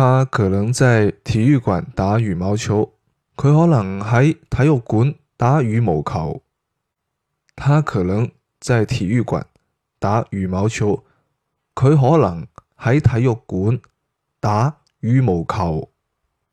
他可能在體育館打羽毛球，佢可能喺體育館打羽毛球，他可能在體育館打羽毛球，佢可能喺體育館打羽毛球。